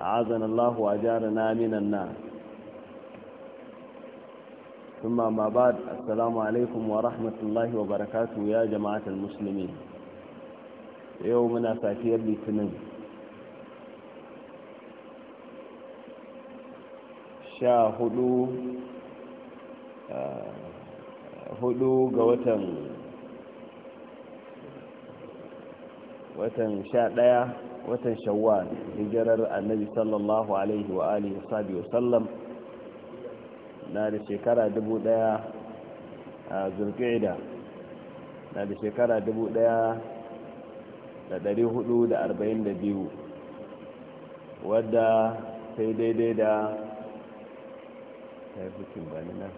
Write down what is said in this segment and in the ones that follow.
عزنا الله وأجارنا من النار ثم ما بعد السلام عليكم ورحمة الله وبركاته يا جماعة المسلمين يومنا سافير لتنين sha hudu hudu ga watan watan sha daya watan shawwal hijirar annabi sallallahu alaihi wa alihi wa sallam na da shekara dubu daya a zulqa'ida na da shekara dubu daya da dari hudu da arba'in da biyu wadda sai daidai da ta yi hukin bani na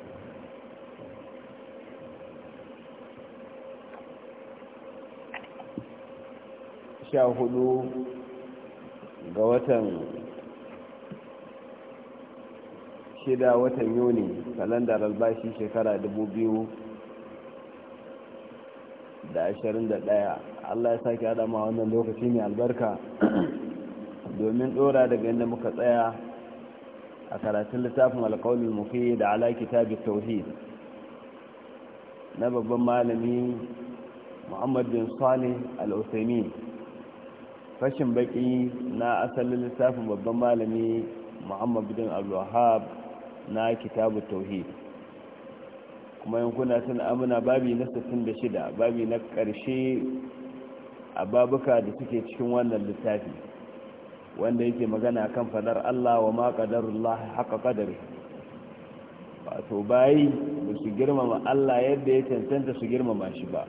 sha hudu ga watan shida watan yuni kalandar albashi shekara dubu biyu da ashirin da ɗaya allah ya sake adama wannan lokaci mai albarka domin ɗora daga inda muka tsaya a karatun littafin alkawalin muke da alaƙi kitabi tauhid na babban malami Muhammadu bin salih al-usaimin fashin baki na asalin lissafin babban malami muhammad bin al-wahab na kitabu tauhid kuma yankuna sun amina babi na shida babi na ƙarshe a babuka da suke cikin wannan littafi wanda yake magana kan fadar allah wa ma haka ƙadari wato bayi ba su girmama allah yadda ya cancanta su girmama shi ba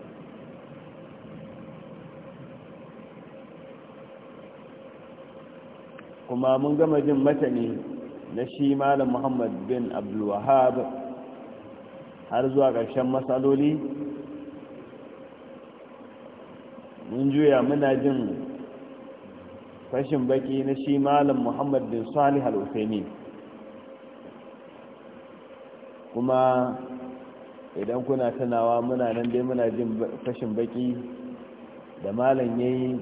kuma mun gama jin matani na shi malam muhammad bin abdulwahab har zuwa ƙarshen matsaloli mun juya muna jin fashin baki na shi malam muhammad bin salih al-husaini kuma idan kuna tunawa muna nan dai muna jin fashin baki da malam yayi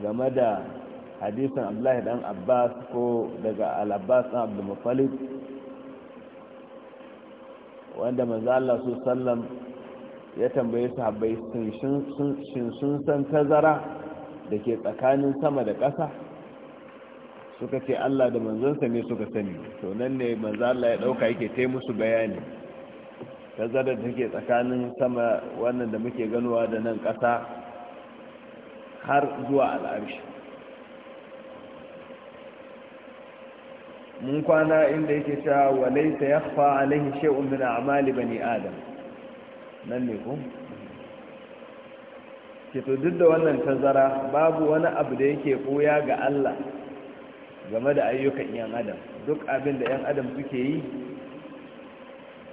game da Hadisan abdullahi dan abbas ko daga al-abbas dan abdulmuttalib wanda manzo Allah su sallam ya tambaye sahabbai shin sun san tazara da tsakanin sama da ƙasa suka ce Allah da manzonsa ne suka sani to nan ne manzo Allah ya dauka yake tai musu bayani tazara da take tsakanin sama wannan da muke ganowa da nan ƙasa har zuwa al'arshi mun kwana inda yake cewa walaita ya fa alaihi shay'un min a'mali bani adam nan ne ko ke to duk da wannan tazara babu wani abu da yake koya ga Allah game da ayyukan yan adam duk abin da yan adam suke yi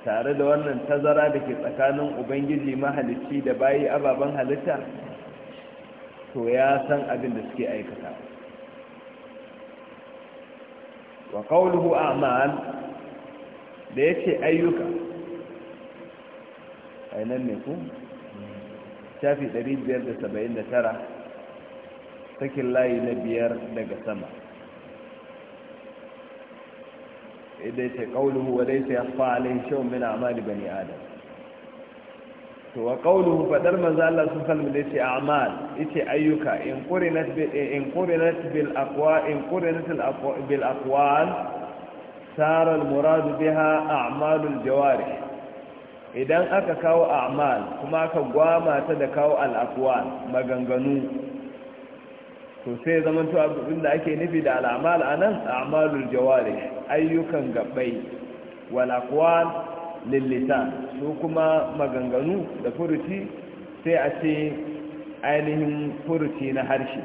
tare da wannan tazara da ke tsakanin ubangiji mahalicci da bayi ababen halitta to ya san abin da suke aikata wa qawluhu a'mal da yace ayyuka ainan ne ku shafi 579 sakin layi na biyar daga sama idai ce qawluhu wa laysa yakhfa fa'alin shay'un min a'mali bani adam to wa qawluhu fadar manzo Allah sun kalmi da yace a'mal yace ayyuka in qurinat bil in qurinat bil aqwa in qurinat bil aqwal sara al murad biha a'mal al jawarih idan aka kawo a'mal kuma aka gwama ta da kawo al aqwal maganganu to sai zaman to abin da ake nufi da al a'mal anan a'malul jawarih ayyukan gabbai wal aqwal lillita su kuma maganganu da furuci sai a ce ainihin furuci na harshe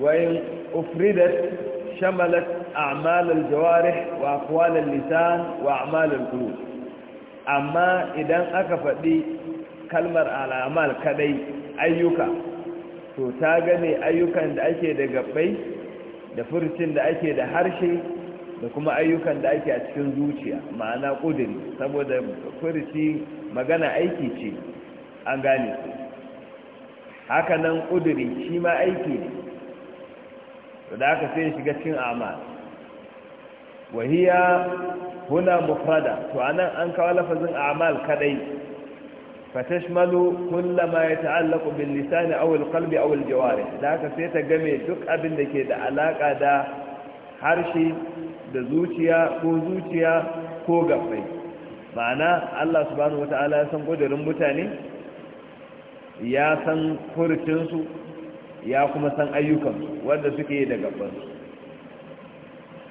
wayin ufridat shamalat a'malar jawarih wa akwalar lisan wa a'malar kuru amma idan aka faɗi kalmar al'amal kadai ayyuka to ta gane ayyukan da ake da gabbai da furucin da ake da harshe da kuma ayyukan da ake a cikin zuciya ma'ana ƙudiri saboda kurci magana aiki ce an gane su haka nan ƙudiri shi ma aiki ne da aka sai shiga cikin amal wahiya huna mufrada to anan an kawo lafazin amal kadai fatashmalu kullama yata'allaqu bil lisani aw al qalbi aw al jawarih da aka sai ta game duk abin da ke da alaka da harshe da zuciya ko zuciya ko gabbai ma'ana Allah subhanahu wata'ala ya san kudurin mutane ya san furucinsu ya kuma san ayyukansu wanda suke yi da gabbansu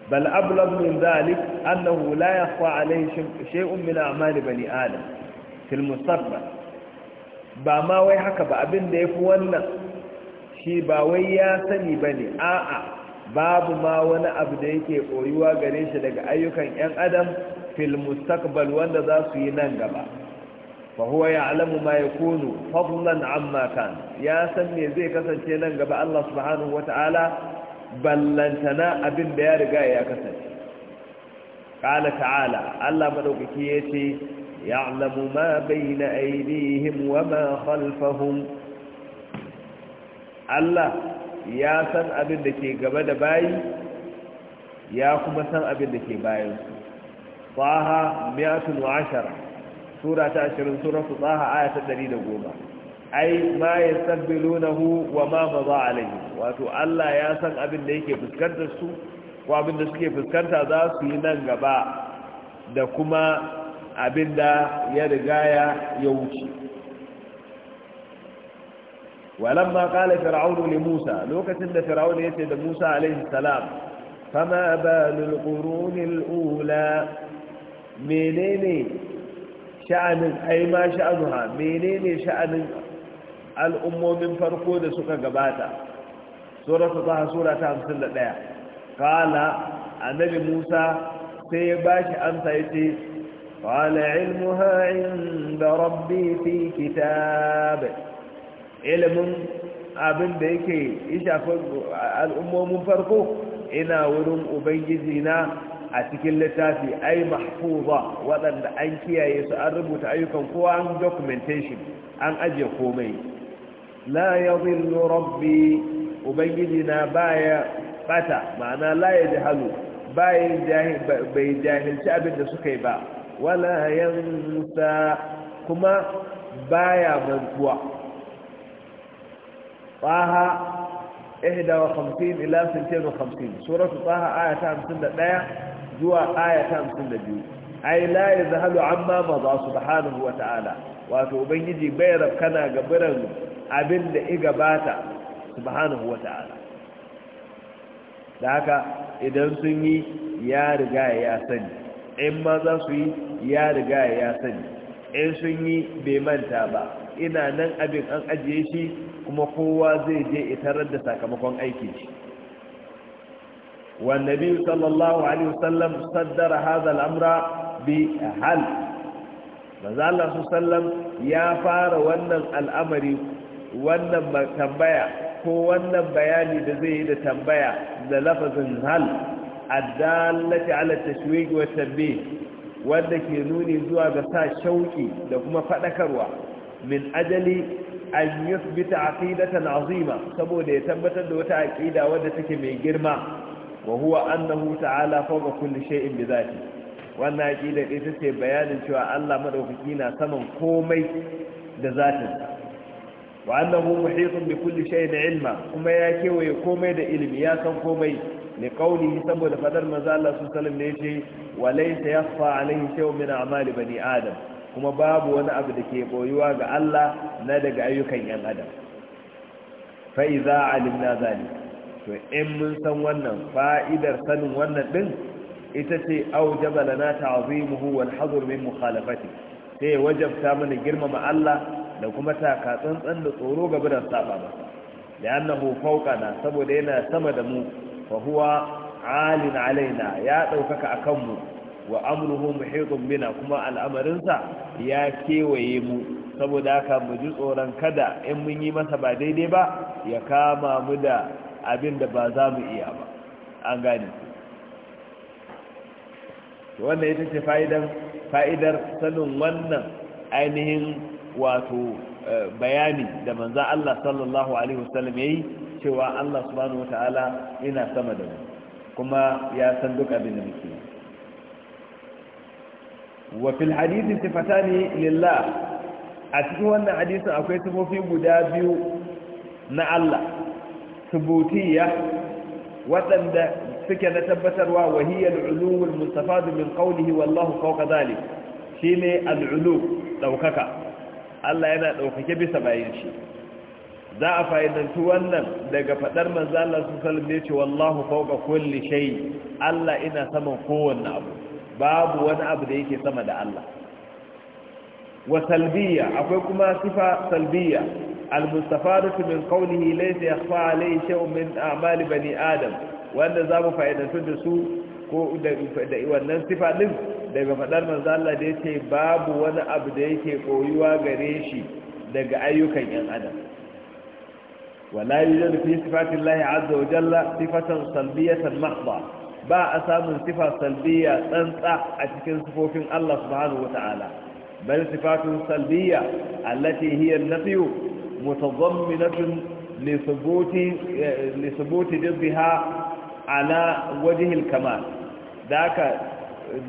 bal ablab min zalik annahu la yakhfa alayhi shay'un min a'mal bani adam fil mustaqbal ba ma wai haka ba abin da yafi wannan shi ba wai ya sani bane a'a babu ma wani abu da yake koyuwa gare shi daga ayyukan 'yan adam fil wanda za su yi nan gaba fa ya ya'lamu ma kunu fadlan amma kan ya san me zai kasance nan gaba Allah subhanahu wata'ala ballantana abin da ya riga ya kasance qala ta'ala Allah ce yace ya'lamu ma bayna aydihim wa ma khalfahum Allah ya san abin da ke gaba da bayi ya kuma san abin da ke bayan su taha mi'atun wa ashara sura ta 20 su taha aya ta 110 ai ma ya hu wa ma a alayhi wato Allah ya san abin da yake fuskantar su ko abin da suke fuskanta za su yi nan gaba da kuma abin da ya rigaya ya wuce ولما قال فرعون لموسى ان فرعون يسيد موسى عليه السلام فما بال القرون الأولى منين شأن أي ما شأنها منين شأن الأمم من فرقود سكا غباتا سورة طه سورة همسلة لها قال النبي موسى سيباش يتي قال علمها عند ربي في كتابه ilimin abin da yake ishafin al'ummomin farko ina wurin ubangiji na a cikin littafi ai mahfuza waɗanda an kiyaye su an rubuta ayyukan kowa an documentation an ajiye komai la yadhillu rabbi ubangiji na baya bata ma'ana la jihalu bai jahilci abin da suka yi ba wala yansa kuma baya mantuwa طه 51 إلى 52 سورة طه آية 51 زوى آية 52 أي لا يذهل عما مضى سبحانه وتعالى وتوبنجي بيرب كان قبرا abin da iga bata subhanahu wa ta'ala da haka idan sun yi ya riga ya sani in ma za su yi ya riga ya sani in sun yi bai manta ba ina nan abin an ajiye shi kuma kowa zai je itarar da sakamakon aiki shi والنبي صلى الله عليه وسلم صدر هذا الأمر بحل maza Allah su sallam ya fara wannan al'amari wannan tambaya ko wannan bayani da zai yi da tambaya da lafazin hal addallati ala tashwigi wa tabbi wanda ke nuni zuwa ga sa shauƙi da kuma fadakarwa min ajali an yusbita aqidatan azima saboda ya tabbatar da wata aqida wadda take mai girma wa huwa annahu ta'ala fawqa kulli shay'in bi zati wannan aqida ɗin take bayanin cewa Allah madaukaki na saman komai da zatin wa annahu muhitun bi kulli shay'in ilma kuma ya kewaye komai da ilimi ya san komai ne kauli saboda fadar manzo Allah sallallahu alaihi wasallam ne yace wa laysa yakhfa alaihi shay'un min a'mali bani adam kuma babu wani abu da ke boyuwa ga Allah na daga ayyukan yan adam fa iza alimna zali to in mun san wannan fa'idar sanin wannan din ita ce aujaba lana ta'zimuhu wal hadr min mukhalafati sai wajabta mana girmama Allah da kuma taka tsantsan da tsoro ga bidan saba masa li'annahu fawqana saboda yana sama da mu fa huwa alin alaina ya daukaka akan mu wa amruhu muhitun bina kuma al'amarinsa ya kewaye mu saboda haka mu ji tsoron kada in mun yi masa ba daidai ba ya kama mu da abin da ba za mu iya ba an gane wannan ita ce fa'idar sanin wannan ainihin wato eh, bayani da manzo Allah sallallahu Alaihi wasallam ya yi cewa Allah subhanahu wa ta'ala yana sama da mu kuma ya san duk abin da muke wa fil sifata sifatani lillah a cikin wannan hadisin akwai sifofi guda biyu na Allah subutiyya waɗanda suke na tabbatarwa wahiyar uluwul mustafadu domin qawlihi wallahu fawqa zalik shine al'ulu daukaka Allah yana daukake bisa bayan shi za a fa'idantu wannan daga faɗar manzo Allah sallallahu ce wallahu fawqa kulli shay Allah ina saman kowanne abu babu wani abu da yake sama da Allah wa salbiya akwai kuma sifa salbiya al-mustafadatu min qawlihi laysa yakhfa alayhi shay'un min a'mali bani adam wanda zamu fa'idantu da su ko da wannan sifa din daga fadar manzo Allah da yake babu wani abu da yake koyuwa gare shi daga ayyukan yan adam wala yujadu fi sifatillahi azza wa jalla sifatan salbiyatan mahdha ba a samun sifa salbiya tsantsa a cikin sifofin Allah subhanahu wata'ala bal sifatun salbiya allati hiya an-nafyu mutadamminatun li thubuti eh, ala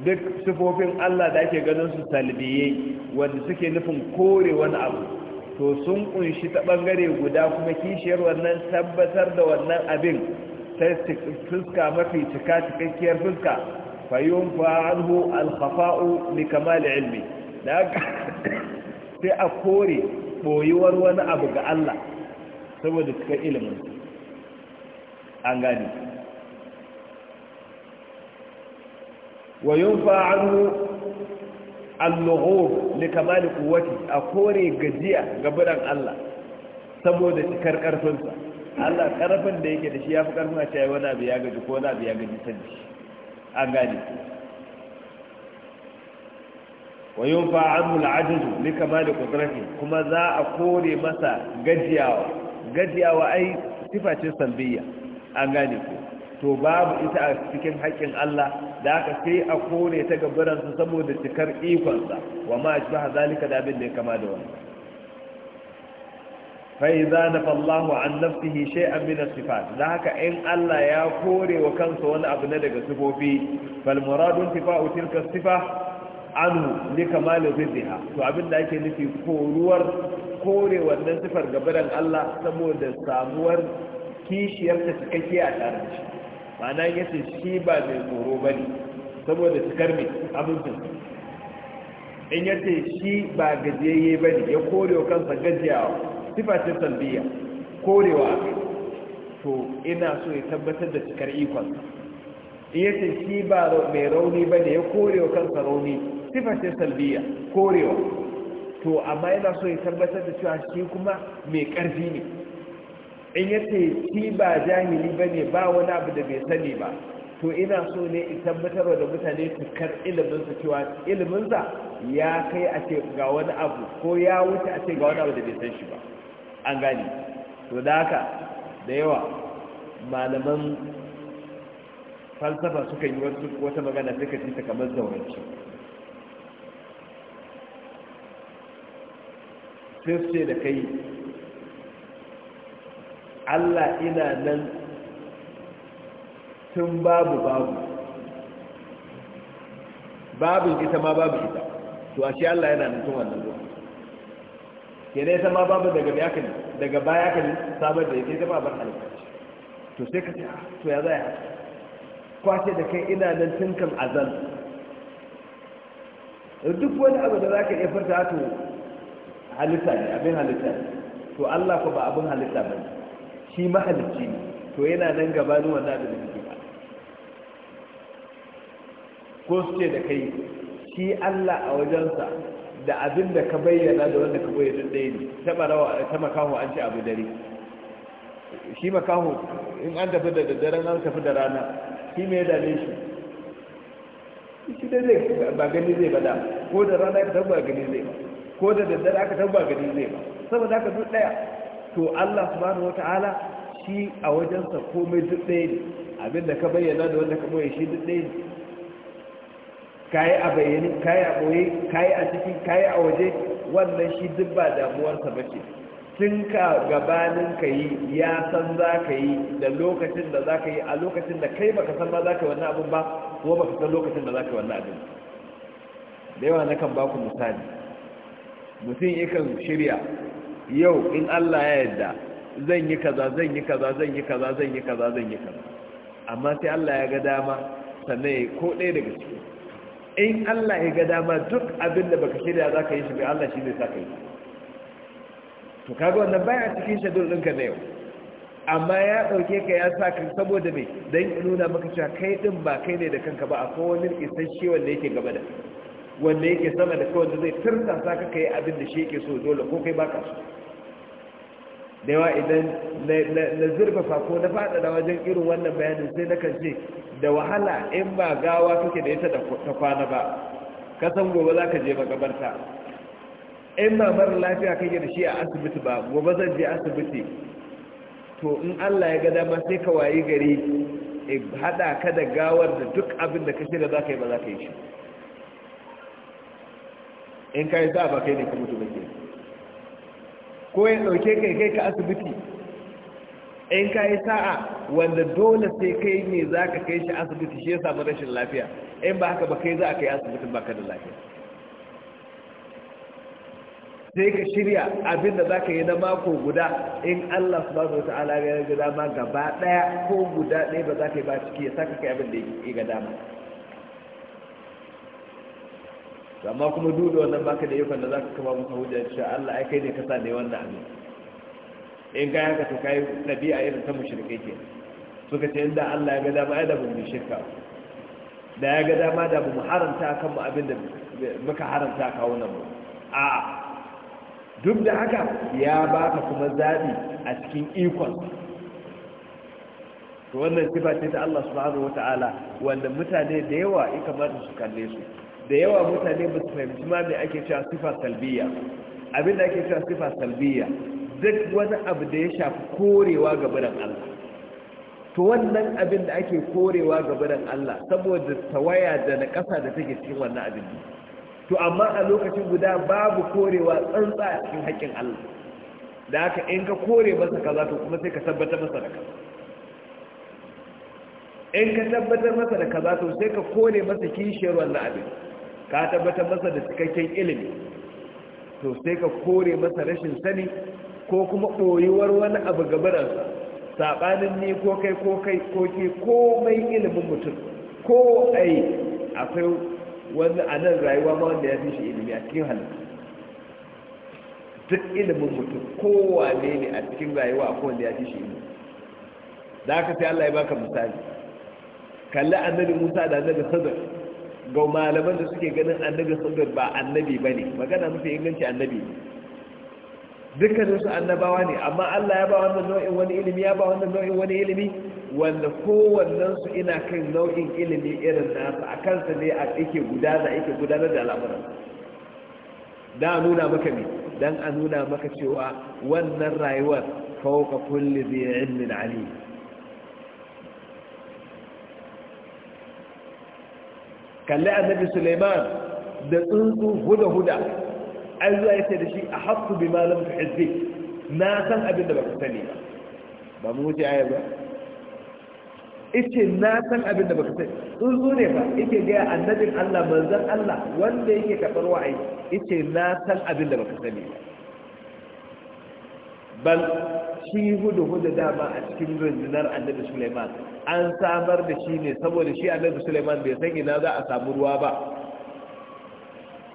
duk sifofin Allah da ake ganin su salbiye wanda suke nufin kore wani abu to sun kunshi ta bangare guda kuma kishiyar wannan tabbatar da wannan abin sai fuska mafi cika cikakkiyar fuska fayyun fa'anhu alkhafa'u li kamal ilmi da sai a kore boyuwar wani abu ga Allah saboda cika ilimin an gani wa yunfa'anhu al-lughur li kamal quwwati a kore gajiya ga bidan Allah saboda cikar karfinsa Allah karfin da yake da shi ya fi karfin a cewa wani abu ya gaji ko wani abu ya gaji ta an gane wa yin fa'amul ajizu ni kama da kudrafi kuma za a kore masa gajiyawa gajiyawa ai sifa ce salbiya an gane ku to babu ita a cikin haƙƙin Allah da aka sai a kore ta gabaransu saboda cikar ikonsa wa ma ajbaha zalika da abin da ya kama da wannan faiza na fallahu an nafi hishe amina sifat na haka in Allah ya kore wa kansa wani abu na daga sifofi falmuradun tifa a cikin sifa anu ne kamalin zirziha to abinda ake nufi koruwar kore wannan sifar gabaran Allah saboda samuwar kishiyar cikakke a tare shi mana ya shi ba mai tsoro ba ne saboda cikar mai abincin in ya shi ba gajiyayye ba ne ya kore wa kansa gajiyawa sifa ce salbiya korewa to ina so ya tabbatar da cikar ikon in ce shi ba mai rauni ba ne ya korewa kansa rauni sifa ce salbiya korewa to amma ina so ya tabbatar da cewa shi kuma mai ƙarfi ne in ya ce shi ba jahili ba ne ba wani abu da bai sani ba to ina so ne in tabbatar da mutane cikar iliminsa cewa iliminsa ya kai a ce ga wani abu ko ya wuce a ce ga wani abu da bai san shi ba an gani to da haka da yawa malaman falsafa suka yi wata magana suka ci ta kamar zaurance sai su ce da kai allah ina nan tun babu babu babin ita ma babu ita to a shi allah yana nan tun wannan lokaci ke ne ma babu daga baya daga baya kan sabar da yake zama bar halitta to sai ka ah, to ya zai kwace da kai ina nan tun kan azal duk wani abu da zaka iya furta to halitta ne abin halitta ne to Allah ko ba abin halitta bane shi mahalicci ne to yana nan gabanin wannan da kake ba ko su ce da kai shi Allah a wajensa da abin da ka bayyana da wanda ka bayyana ɗaya ne ta makaho an ce abu dare shi makaho in an tafi da daddare an tafi da rana shi mai dame shi shi dai zai ba gani zai bada ko da rana ka tabba gani zai ba ko da daddare aka tabba gani zai ba saboda aka duk ɗaya to allah subhanahu ta'ala shi a wajensa komai duk ɗaya ne abin da ka bayyana da wanda ka bayyana shi duk ɗaya ne kayi a bayyane kayi a ɓoye kayi a ciki kayi a waje wannan shi duk ba damuwarsa ba ce tun ka gabanin ka yi ya san za ka yi da lokacin da za ka yi a lokacin da kai baka san ba za ka yi wannan abin ba ko baka san lokacin da za ka yi wannan abin da yawa na kan baku misali mutum yakan shirya yau in allah ya yarda zan yi kaza zan yi kaza zan yi kaza zan yi kaza zan yi kaza amma sai allah ya ga dama sannan ko ɗaya daga ciki in Allah ya ga dama duk abin da baka shirya za ka yi shi bai Allah shi zai sa ka yi to kaga wannan baya cikin shadul ɗinka na yau amma ya ɗauke ka ya sa ka saboda mai don nuna maka cewa kai ɗin ba kai ne da kanka ba akwai wani isasshe wanda yake gaba da wanda yake sama da kai wanda zai turta sa ka kai abin da shi yake so dole ko kai baka so da yawa idan na zurfafa ko na faɗaɗa wajen irin wannan bayanin sai na kan ce da wahala in ba gawa kake da ita ta kwana ba kasan gobe za ka je gabarta in ba mara lafiya kake da shi a asibiti ba gobe zan je asibiti to in allah ya ga dama sai ka wayi gari e, haɗa ka da gawar da duk abin da ka shirya za ka yi ba za ka yi shi in ka yi za ba kai ne ka mutu ba ke ko ya ɗauke ka kai ka asibiti in ka yi sa'a wanda dole sai kai ne za ka kai shi asibiti shi ya samu rashin lafiya in ba haka ba kai za a kai asibitin baka da lafiya sai ka shirya abin da za ka yi na mako guda in allah su ba su wata ya gaba ɗaya ko guda ɗaya ba za ka yi ba ciki ya saka kai abin da ya ga dama amma kuma duk da wannan baka da ikon da za ka kama masa hujja cewa Allah ai kai ne ka sa ne wannan abin in ga haka to kai ɗabi'a irin ta mushrike ke suka ce inda Allah ya ga dama ai da mu shirka da ya ga dama da mu haramta kan mu abin da muka haramta kawo nan mu a duk da haka ya baka kuma zabi a cikin ikon to wannan sifa ce ta Allah subhanahu wataala wanda mutane da yawa ya kamata su kalle su da yawa mutane ba su fahimci ma mai ake cewa sifa salbiya abin da ake cewa sifa salbiya duk wani abu da ya shafi korewa ga biran Allah to wannan abin da ake korewa ga biran Allah saboda tawaya da na ƙasa da take cikin wannan abin to amma a lokacin guda babu korewa tsantsa a cikin haƙƙin Allah da haka in ka kore masa kaza to kuma sai ka tabbatar masa da kaza in ka tabbatar masa da kaza to sai ka kore masa kishiyar wannan abin ka tabbatar masa da cikakken ilimi to sai ka kore masa rashin sani ko kuma ɓoyuwar wani abu gabaransa saɓanin ni ko kai ko kai ko ke komai ilimin mutum ko ai akwai wani a nan rayuwa ma wanda ya fi shi ilimi a cikin halittu duk ilimin mutum kowane ne a cikin rayuwa a kowane ya fi shi ilimi da aka sai Allah ya baka misali kalli annabi Musa da annabi Khidr ga malaman da suke ganin annabi sallallahu ba annabi bane magana mafi inganci annabi dukkanin su annabawa ne amma Allah ya ba wannan nau'in wani ilimi ya ba wannan nau'in wani ilimi wanda kowannen su ina kan nau'in ilimi irin nasa a kansa ne a yake gudana yake gudanar da al'amuran da nuna maka ne dan a nuna maka cewa wannan rayuwar fauka kulli dhi ilmin alim kalli annabi suleiman da tsuntsu huda-huda an zuwa ya ce da shi a haku bi malam ta hizbi na san abin da ba ku sani ba ba mu wuce aya ba ice na san abin da ba ku sani tsuntsu ne ba ike gaya annabin allah manzan allah wanda yake karɓar wa'ayi ice na san abin da ba ku sani ba bal shi hudu hudu dama a cikin rundunar annabi suleiman an samar da shi ne saboda shi annabi suleiman bai san ina za a samu ruwa ba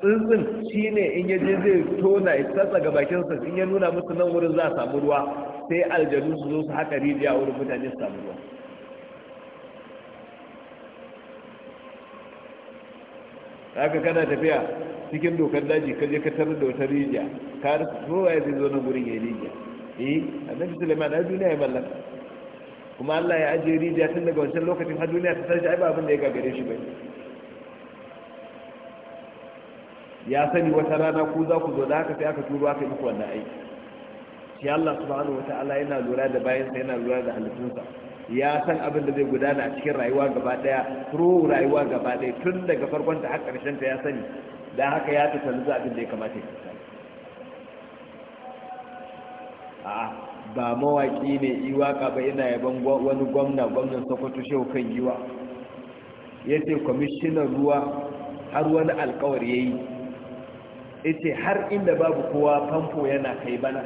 tsuntsun shi ne in je zai tona ya tsatsa ga bakinsa in ya nuna musu nan wurin za a samu ruwa sai aljanu su zo su haka rijiya wurin mutane su samu ruwa haka kana tafiya cikin dokar daji ka je ka tarar da wata rijiya ka ruwa ya zai zo nan wurin ya rijiya eh annabi sulaiman a duniya ya mallaka kuma Allah ya ajiye rijiya tun daga wancan lokacin har duniya ta tashi ai ba abin da ya gagare shi bai ya sani wata rana ku za ku zo da haka sai aka turo aka yi muku wannan aiki shi Allah subhanahu ta'ala yana lura da sa yana lura da halittunsa ya san abin da zai gudana a cikin rayuwa gaba daya turo rayuwa gaba daya tun daga farkon ta har karshen ta ya sani da haka ya tattalu abin da ya kamata ya a ba mawaƙi ne iwaka ba ina yaban wani gwamna gwamnan sokoto shehu kan giwa ya ce kwamishinan ruwa har wani alkawar ya yi ce har inda babu kowa famfo yana kai bana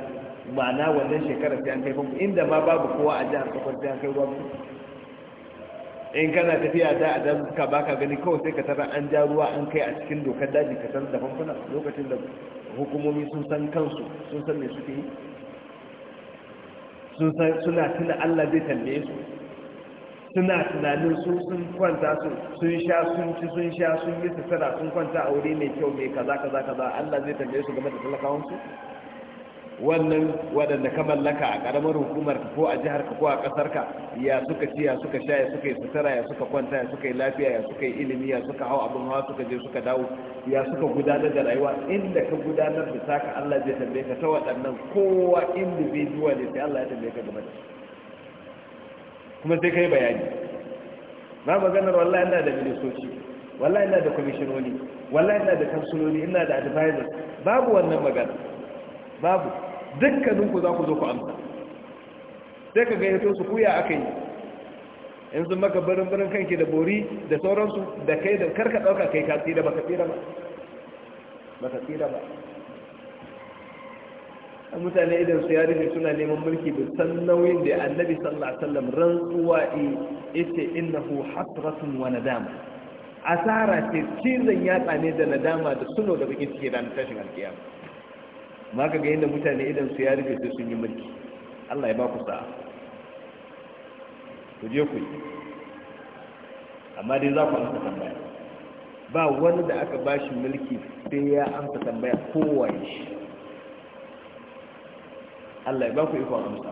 ma'ana wannan shekarar sai an kai famfo inda ma babu kowa a jihar sokoto sai an kai gwamna in kana tafiya da a dazuka ba ka gani kawai sai ka tara an ja ruwa an kai a cikin dokar daji ka san da famfuna lokacin da hukumomi sun san kansu sun san me suke yi sun suna tuna Allah zai tambaye su suna tunanin su sun kwanta su sun sha sun ci sun sha sun yi sutura sun kwanta a wuri mai kyau mai kaza kaza kaza Allah zai tambaye su game da talakawansu wannan waɗanda ka mallaka a ƙaramar hukumar ko a jihar ko a ƙasar ka ya suka ci ya suka sha ya suka yi sutura ya suka kwanta ya suka yi lafiya ya suka yi ilimi ya suka hau abin hawa suka je suka dawo ya suka gudanar da rayuwa inda ka gudanar da taka Allah zai tambaye ka ta waɗannan kowa individual ne sai Allah ya tambaye ka game da kuma sai kai bayani na maganar wallahi ina da ministoci wallahi ina da kwamishinoni wallahi ina da kansuloni ina da advisors babu wannan magana babu dukkaninku za ku zo ku amsa sai ka gayyato su kuya aka yi in sun maka barin barin kanki da bori da sauransu da kai da karka ɗauka kai ka tsira baka tsira ba ka tsira ba An mutane idan su ya rufe suna neman mulki da san nauyin da annabi sallallahu alaihi wasallam rantsuwa ita innahu hasratun wa nadama asara ce cizon yatsa ne da nadama da suno da bakin ciki ranar tashin alkiyama ma ka ga yadda mutane idan su ya rufe sai sun yi mulki Allah ya ba ku sa'a ku je ku yi amma dai za ku amsa tambaya ba wani da aka ba shi mulki sai ya amsa tambaya ya shi Allah ya ba ku iko amsa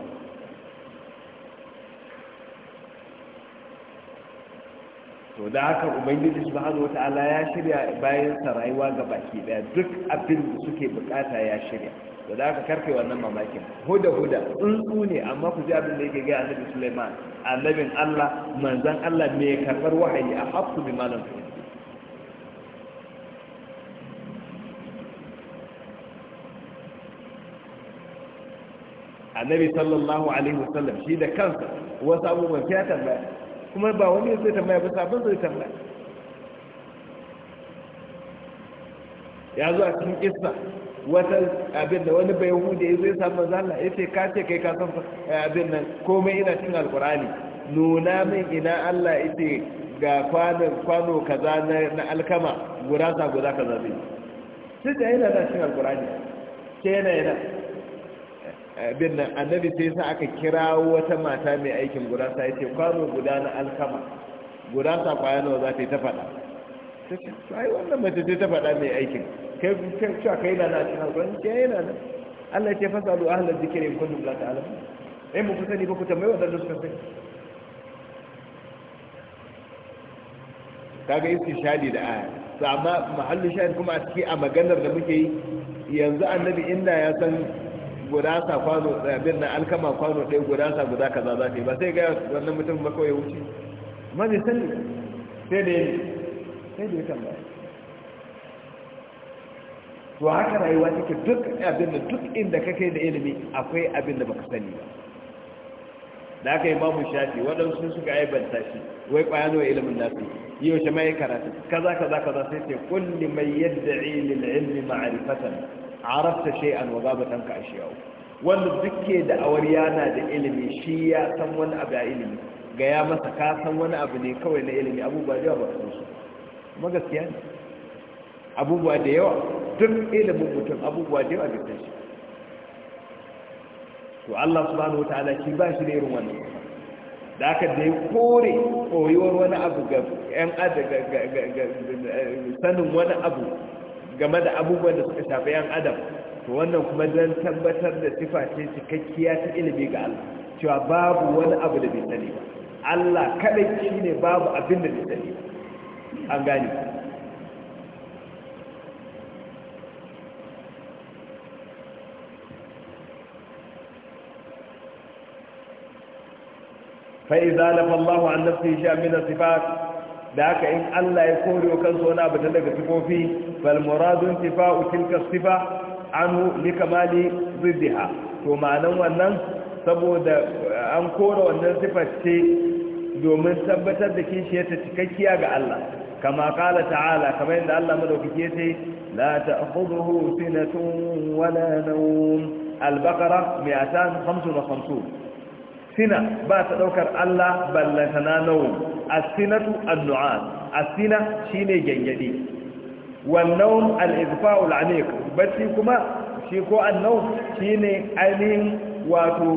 to da haka ubangiji subhanahu wata'ala ya shirya bayan sa rayuwa ga baki daya duk abin da suke bukata ya shirya to da haka karfe wannan mamakin huda huda tsuntsu ne amma ku ji abin da yake ga annabi Sulaiman annabin Allah manzan Allah mai karbar wahayi a hafsu bi malam annabi sallallahu alaihi wasallam shi da kansa wasu abubuwan fiye tambaya kuma ba wani zai tambaya ba sabon zai tambaya ya zo a cikin kissa wata abin da wani bai hude ya zai samu zalla ya ce ka ce kai ka san eh, abin nan komai ina cin alkurani nuna min ina allah ya ce ga kwano kaza na alkama guraza guda kaza zai sai da yana na cin alkurani sai yana yana bin nan annabi sai sa aka kira wata mata mai aikin gurasa ya ce kwano guda na alkama gurasa kwaya nawa za ta yi ta faɗa ta ce ai wannan mace ta faɗa mai aikin kai kan cewa kai na na cikin alkwarin ke yana nan allah ce fasa lu ahalar zikirin kundin la ta'ala ai mu kusa ne ba ku tambayi wadanda suka sai kaga shadi da aya to amma mahallin shahid kuma a ciki a maganar da muke yi yanzu annabi inda ya san Gudasa kwano eh, abin na alkama kwano ɗaya gudasa guda kaza za ka yi ba sai gaya wannan mutum ba kawai wuce ma zai sani sai da yi sai da ya tambaya to haka rayuwa take duk abin da duk inda kake da ilimi akwai abin da baka sani ba da aka yi mamu shafi waɗansu suka aibanta shi wai ƙwayano ilimin nasu yi yaushe mai karatu kaza kaza kaza sai ce kulli mai yadda ilil ilmi ma'arifatan arabta shay'an wa a ashiyau wanda duke da awariya na da ilimi shi ya san wani abu a ilimi ga ya masa ka san wani abu ne kawai na ilimi abubuwa da yawa ba su su kuma gaskiya ne abubuwa da yawa duk ilimin mutum abubuwa da yawa da ta shi to Allah subhanahu wataala shi ba shi da irin wannan da aka da ya kore koyuwar wani abu ga yan adaga sanin wani abu game da abubuwan da suka shafi yan adam to wannan kuma zan tabbatar da sifa ce cikakkiya ta ilimi ga Allah cewa babu wani abu da bai sani ba Allah kadai shine babu abin da bai sani an gane فإذا نفى الله عن نفسه شيئا من الصفات da haka in Allah ya kore wa wani abu da daga sifofi balmuradun muradu intifa'u sifa anhu likamali ziddiha to ma'anan wannan saboda an kore wannan sifar ce domin tabbatar da kishiyarta cikakkiya ga Allah kama kala ta'ala kamar yadda Allah madaukake ya ce la ta'khudhuhu sinatun wala nawm al sina ba ta daukar Allah ballantana nawm as-sinatu an-nu'as as-sina shine gangadi wannan nawm al izfa'ul al-amiq bacci kuma shi ko an nau shine ainihin wato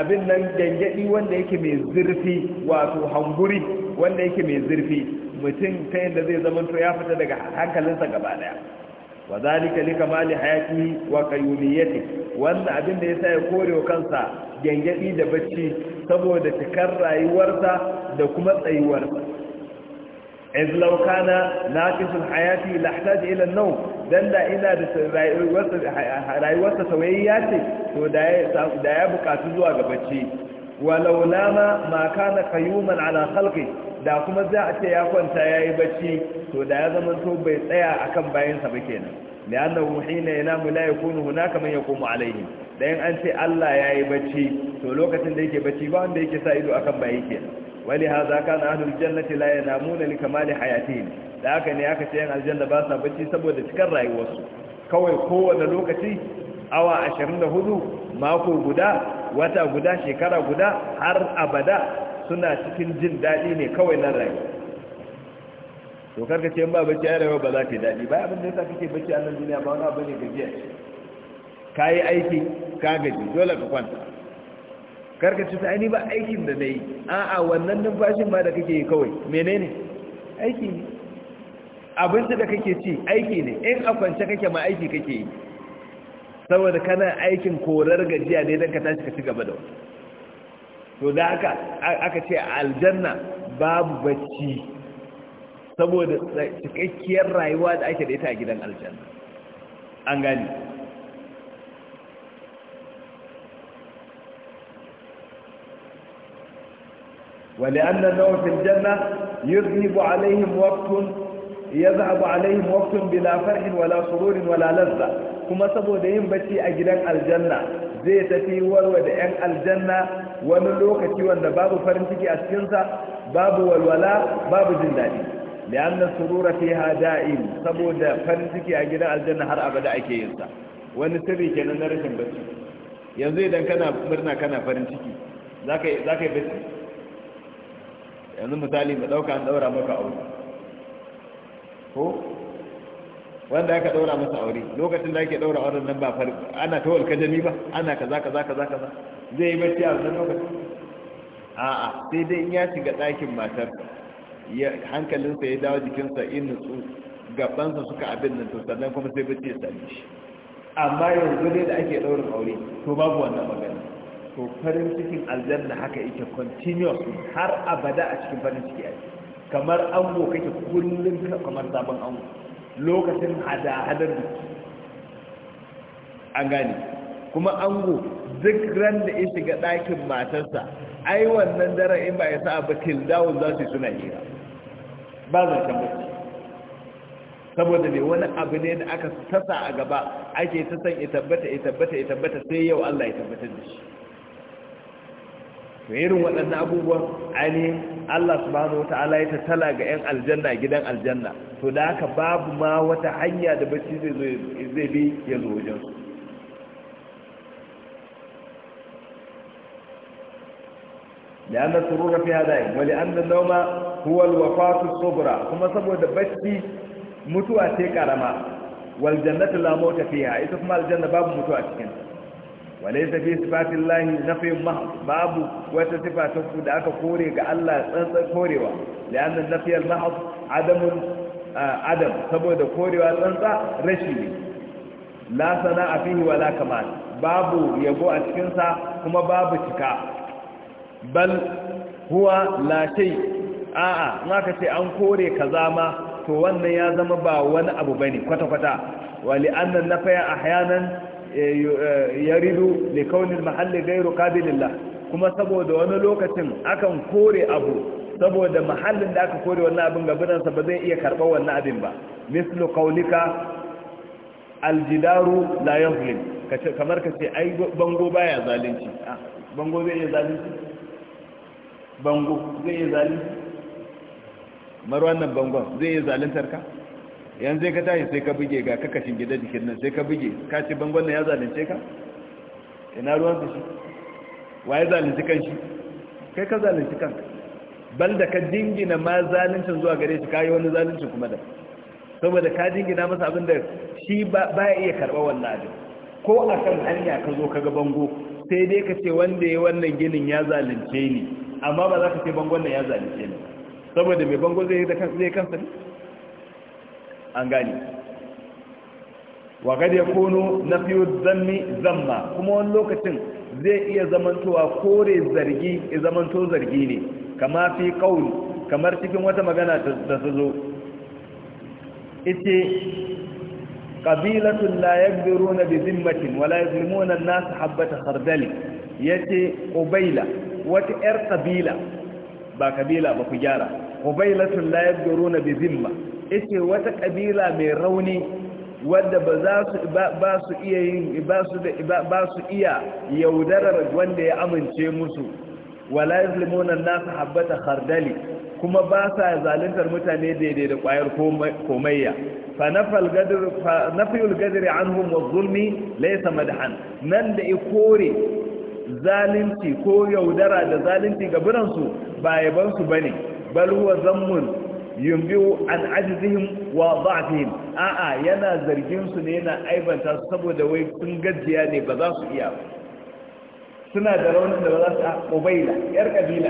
abin nan gangadi wanda yake mai zurfi wato hanguri wanda yake mai zurfi mutum ta yadda zai zama to ya fita daga hankalinsa gaba daya wa zalika li kamali hayati wa qayyumiyyati wanda abin da yasa ya kore wa kansa gengedi da bacci saboda cikar rayuwarsa da kuma tsayuwar iz law kana al hayati lahtaj ila an-nawm dan da ina da rayuwarsa rayuwarsa tawayya ce to da ya da ya bukatu zuwa ga bacci walau ma ma kana qayyuman ala halki? da kuma za a ce ya kwanta yayi bacci to da ya zama to bai tsaya akan bayansa ba kenan na hina yanamu la yakunu hunaka man yaqumu alayhi dan an ce Allah yayi bacci to lokacin da yake bacci ba wanda yake sa ido akan bayi kenan wali hadha kana ahlul jannati la yanamuna li kamali hayatihim da haka ne aka ce yan aljanna ba sa bacci saboda cikar rayuwarsu kawai kowane lokaci awa 24 mako guda wata guda shekara guda har abada suna cikin jin daɗi ne kawai nan rayu to karka ce ba bacci ya rayuwa ba za ta yi daɗi ba abin da yasa kake bacci a nan duniya ba wani abu ne gajiya ka yi aiki ka gaji dole ka kwanta karka ce ta ni ba aikin da na yi a'a wannan numfashin ma da kake yi kawai menene aiki ne abinci da kake ci aiki ne in a kwance kake ma aiki kake yi saboda kana aikin korar gajiya ne don ka tashi ka ci gaba da wasu to da haka aka ce aljanna babu bacci saboda cikakkiyar rayuwa da ake da ita a gidan aljanna an gani ولأن النوم في الجنة يذهب عليهم وقت يذهب عليهم وقت بلا فرح wala سرور wala kuma saboda yin bacci a gidan aljanna zai tafi warwa da 'yan aljanna wani lokaci wanda babu farin ciki a cikinsa babu walwala babu jin daɗi li'anna surura fi da'im saboda farin ciki a gidan aljanna har abada ake yin sa wani sirri kenan na rashin bacci yanzu idan kana murna kana farin ciki zaka zaka bacci yanzu misali mu dauka an daura maka aure ko wanda aka daura masa aure lokacin da ake daura auren nan ba farko ana ta walka jami ba ana kaza kaza kaza kaza zai yi bacci a wannan lokacin a'a sai dai in ya shiga ɗakin matar hankalinsa ya dawo jikinsa in nutsu gabansa suka abin nan to sannan kuma sai bacci ya sami shi amma yanzu dai da ake ɗaurin aure to babu wannan magana to farin cikin aljanna haka yake continuous har abada a cikin farin ciki ake kamar ango kake kullum kamar sabon ango lokacin hada-hadar biki an gane kuma ango duk ran da ya shiga ɗakin matarsa ai wannan daren in ba ya sa ba kildawun za su suna hira ba zan bacci saboda ne wani abu ne da aka tasa a gaba ake ta san ya tabbata ya tabbata ya tabbata sai yau Allah ya tabbatar da shi to irin waɗannan abubuwan ainihin Allah su bada wata ala ta tala ga 'yan aljanna gidan aljanna to da aka babu ma wata hanya da bacci zai bi ya zo su. da yana tsoron rafi hadayin wani an da nauma huwal wafatu sobura kuma saboda bacci mutuwa ce ƙarama waljannatu lamo ta fiya ita kuma aljanna babu mutuwa cikin. walaysa fi na nafiyun babu wata sifa ku da aka kore ga Allah tsantsan korewa li'anna nafiyal mahd adamun ah, adam saboda korewa tsantsa rashi ne la sana'a fihi wala kamal babu yabo a cikin sa kuma babu cika bal huwa la shay a'a naka ce an kore kaza ma to wannan ya zama ba wani abu bane kwata kwata wali annan nafaya ahyanan Eh, eh, yaridu li kaunin mahalli gairu qabilillah kuma saboda wani lokacin akan kore abu saboda mahallin da aka kore wannan abin gabanansa ba zai iya karɓar wannan abin ba mislu qaulika aljidaru la yazlim kamar ka ce ai bango baya zalunci ah, bango zai iya zalunci bango zai iya zalunci mar wannan bangon zai iya zaluntar ka yanzu ka tashi sai ka buge ga kakashin gida jikin nan sai ka buge ka ce bangon nan ya zalunce ka ina ruwan su shi wa ya zalince kan shi kai ka zalince kanka bal da ka dingina ma zaluncin zuwa gare shi kayi wani zaluncin kuma da saboda ka dingina masa abin da shi ba ya iya karɓa wannan abin ko a kan hanya ka zo ka ga bango sai dai ka ce wanda ya wannan ginin ya zalunce ni amma ba za ka ce bangon nan ya zalunce ni saboda mai bango zai yi da kansa ne an gane wa kono na fiye zanni zamma kuma wani lokacin zai iya zamantowa kore zargi ya zamanto zargi ne kama fi qaul kamar cikin wata magana da su zo ite qabilatun la na bi matin wala na nasu habbata habata ya ce qubaila wata yar ƙabila, ba kabila ba ku gyara qubaylatun la na bi ma. yake wata kabila mai rauni wadda ba za su ba su iya yin ba su da ba su iya yaudarar wanda ya amince musu wala yuzlimuna an-nas khardali kuma ba sa zaluntar mutane daidai da kwayar komaiya fa nafal gadr fa nafyul anhum wa zulmi laysa madhan nan da ikore zalunci ko yaudara da zalunci ga su ba yaban su bane bal huwa zammun yumbiu an ajizihim wa da'fihim a'a yana zargin su ne yana aibanta su saboda wai sun gajiya ne ba za su iya suna da raunin da ba za su a ubaila yar kabila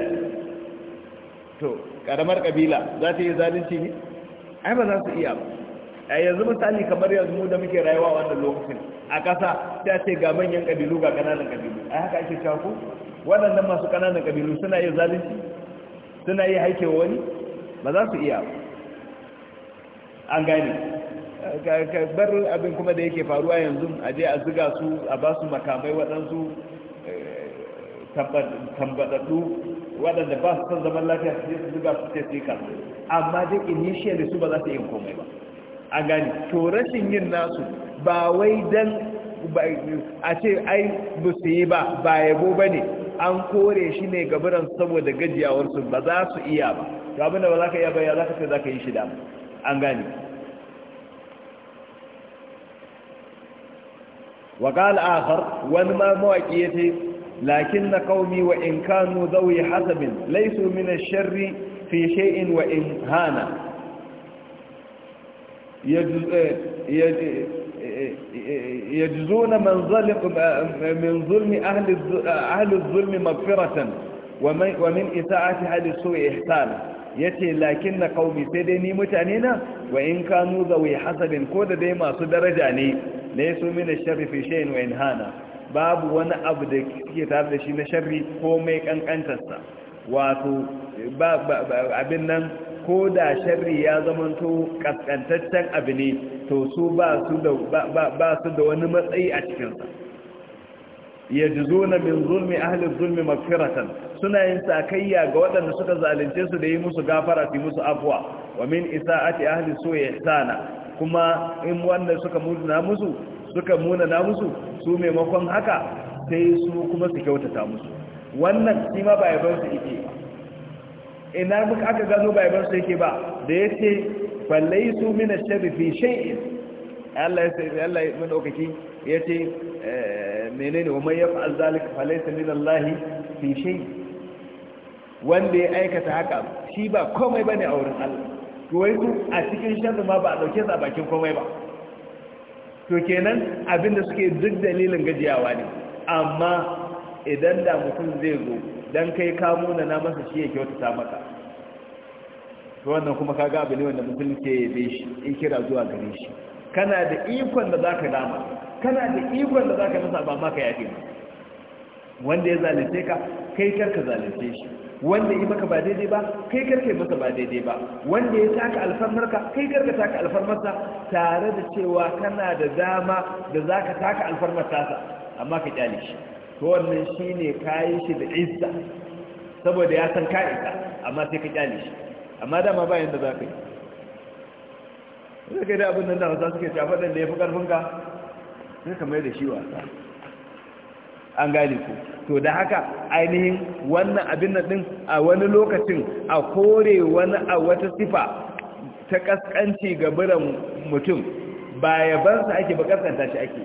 to karamar kabila za ta yi zalunci ne ai ba za su iya ba a yanzu misali kamar yanzu mu da muke rayuwa a wannan lokacin a ƙasa ta ce ga manyan ƙabilu ga ƙananan ƙabilu a haka ake cewa waɗannan masu ƙananan ƙabilu suna yin zalunci suna yi haikewa wani ba za su iya an gani bar abin kuma da yake faruwa yanzu a je a ziga su a ba su makamai waɗansu eh, tambadaddu waɗanda ba su son zaman lafiya su su ziga su ce su amma da initially su ba za su yin komai ba an gani to rashin yin nasu ba wai don a ce ai ba su yi ba ba yabo ba ne an kore shi ne gaburan saboda gajiyawarsu ba za su iya ba to abinda ba za ka iya bayya za ka sai za ka yi shi da an gani wa qala akhar wani ma mawaki yace lakinna qaumi wa in kanu zawi hasabin laysu min ash-sharri fi shay'in wa in hana يجزون من ظلم من ظلم أهل أهل الظلم مغفرة ومن إساءة أهل السوء إحسانا yace lakin na kaumi sai dai ni mutane na wa in kanu zawi hasabin ko da dai masu daraja ne laysu min ash-sharri fi shay'in wa in hana babu wani abu da ke tare da shi na sharri ko mai kankantarsa wato abin nan ko da sharri ya zamanto kaskantaccen abu ne to su ba su da wani matsayi a cikinsa zuna min zulmi ahli zulmi magfiratan suna yin sakayya ga waɗanda suka zalunce su da yi musu gafara fi musu afwa wa min isaati ahli su'i ihsana kuma in wanda suka muna musu suka muna na musu su maimakon haka sai su kuma su kyautata musu wannan shi ma ba yaban su yake ina muka aka gano ba yaban su yake ba da yace falaisu min ash-sharri fi shay'in Allah ya sai Allah ya madaukaki yace eh, menene wa ya yaf'al zalika falaysa min Allah fi shay wanda ya aikata haka shi ba komai bane a wurin Allah to wai su a cikin shanu ma ba a dauke sa bakin komai ba to kenan abinda suke duk dalilin gajiyawa ne amma idan da mutum zai zo dan kai kamo na na masa shi ya kyautata maka to wannan kuma kaga abu ne wanda mutum ke shi in kira zuwa gare shi kana da ikon da zaka dama kana da ikon da za ka nasa ba maka yafe wanda ya zalunce ka kai karka zalunce shi wanda yi maka ba daidai ba kai karka yi masa ba daidai ba wanda ya taka alfarmarka kai karka taka alfarmarsa tare da cewa kana da dama da za ka taka alfarmarsa amma ka kyale shi to wannan shi ne kayi shi da izza saboda ya san ka'ita amma sai ka kyale shi amma dama bayan da za ka yi zai yi da abin nan da wasu suke shafaɗin da ya fi ƙarfinka sai ka da shi wasa an gane ku to da haka ainihin wannan abin nan din a wani lokacin a kore wani a wata sifa ta kaskanci ga biran mutum ba yabansa ake ba kaskanta shi ake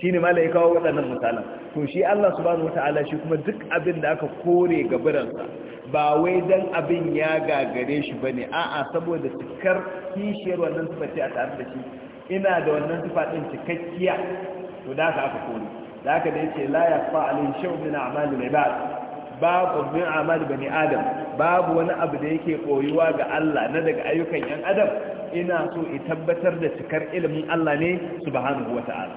shi ne mala kawo waɗannan misalan to shi Allah subhanahu wata'ala shi kuma duk abin da aka kore ga biransa ba wai dan abin ya gagare shi bane a'a saboda cikar kishiyar wannan sifati a tare da shi ina da wannan sifa din cikakkiya to da haka aka kore da haka da yace la yafa alayhi shay'un min a'malil ibad babu min a'mal bani adam babu wani abu da yake koyuwa ga Allah na daga ayyukan yan adam ina so i tabbatar da cikar ilimin Allah ne subhanahu wata'ala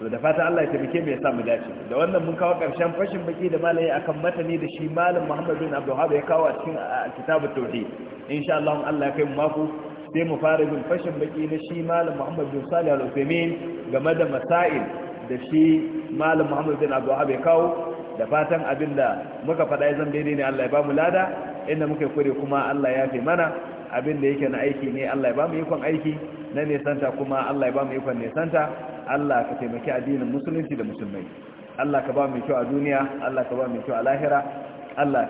to da fata Allah ya tabbake mu ya sa mu dace da wannan mun kawo karshen fashin baki da malai akan matani da shi malam Muhammad bin Abdul Wahhab ya kawo a cikin kitabut tauhid insha Allah Allah ya kai mu mako sai mu fara bin fashin baki na shi malam muhammad bin salih al game da masail da shi malam muhammad bin abu ya kawo da fatan abinda muka faɗa ya zan daidai ne allah ya ba mu lada inda muka kure kuma allah ya fi mana abin da yake na aiki ne allah ya ba mu ikon aiki na nesanta kuma allah ya ba mu ikon nesanta allah ka taimaki addinin musulunci da musulmai allah ka ba mu kyau a duniya allah ka ba mu kyau a lahira Allah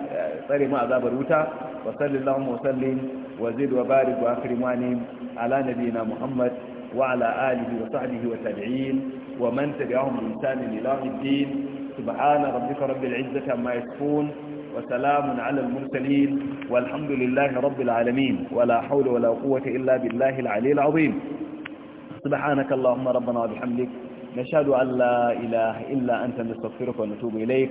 tsare mu azabar wuta wa sallallahu wa sallim wa zid wa barik wa akrimani ala nabiyina Muhammad wa ala alihi wa sahbihi wa tabi'in wa man tabi'ahum bi ihsan ila yawmiddin subhana rabbika rabbil izzati amma yasifun wa salamun ala al mursalin walhamdulillahi rabbil alamin wa la hawla wa la quwwata illa billahi al aliyyil azim subhanaka allahumma rabbana wa bihamdika نشهد أن لا إله إلا أنت نستغفرك ونتوب إليك